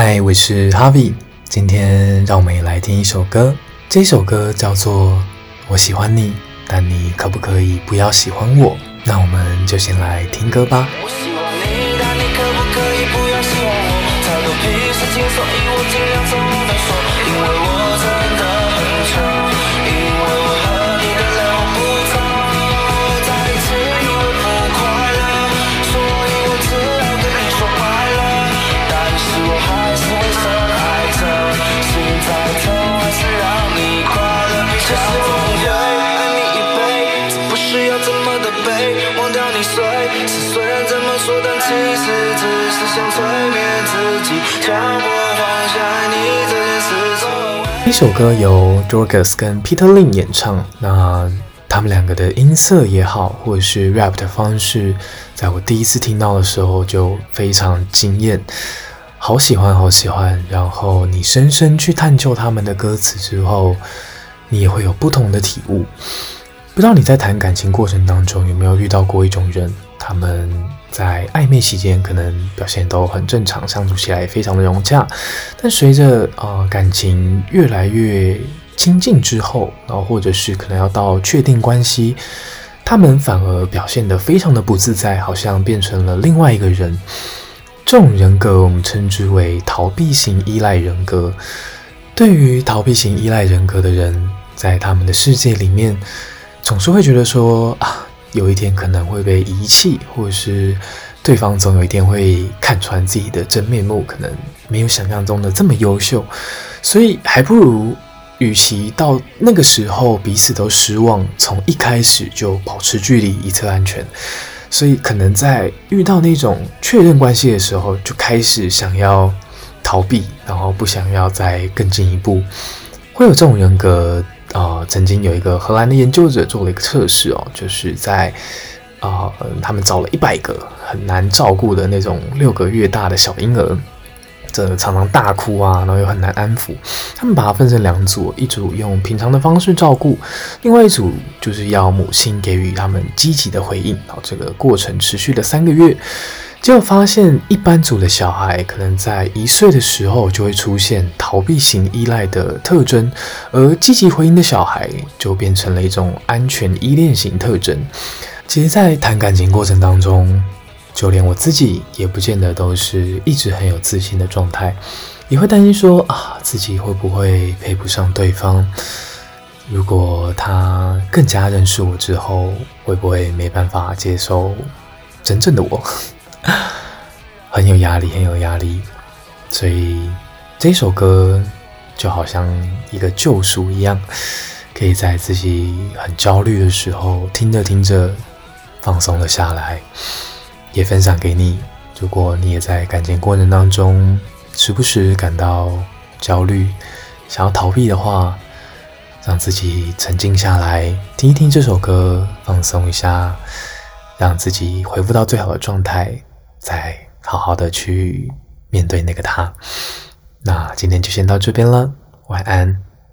嗨，我是 Harvie。今天讓我們也來聽一首歌，這首歌叫做《我喜歡你》，但你可不可以不要喜歡我？那我們就先來聽歌吧。一首歌由 Joker's 跟 Peter Lin 演唱，那他們兩個的音色也好，或者是 rap 的方式，在我第一次聽到的時候就非常驚艷，好喜歡好喜歡。然後你深深去探究他們的歌詞之後，你也會有不同的體悟。不知道你在談感情過程當中有沒有遇到過一種人？他們在曖昧期間可能表現都很正常，相處起來也非常的融洽。但隨着呃感情越來越親近之後，然後或者是可能要到確定關係，他們反而表現得非常的不自在，好像變成了另外一個人。這種人格我們稱之為逃避型依賴人格。對於逃避型依賴人格的人，在他們的世界裡面，總是會覺得說啊，有一天可能會被遺棄，或者是對方總有一天會看穿自己的真面目，可能沒有想象中的這麼優秀，所以還不如與其到那個時候彼此都失望，從一開始就保持距離，以策安全。所以可能在遇到那種確認關係的時候，就開始想要逃避，然後不想要再更進一步，會有這種人格。啊、呃，曾經有一個荷蘭的研究者做了一個測試哦，就是在啊、呃，他們找了一百個很難照顧的那種六個月大的小嬰兒，這常常大哭啊，然後又很難安撫。他們把它分成兩組，一組用平常的方式照顧，另外一組就是要母親給予他們積極的回應，然後這個過程持續了三個月。結果發現，一般組的小孩可能在一歲的時候就會出現逃避型依賴的特徵，而積極回應的小孩就變成了一種安全依戀型特徵。其實，在談感情過程當中，就連我自己也不見得都是一直很有自信的狀態，也會擔心說啊，自己會不會配不上對方？如果他更加認識我之後，會不會沒辦法接受真正的我？很有壓力，很有壓力，所以這首歌就好像一個救贖一樣，可以在自己很焦慮的時候聽着聽着放鬆了下來，也分享給你。如果你也在感情過程當中時不時感到焦慮，想要逃避的話，讓自己沉靜下來，聽一聽這首歌，放鬆一下，讓自己恢復到最好的狀態，再。好好的去面對那個他，那今天就先到這邊了，晚安。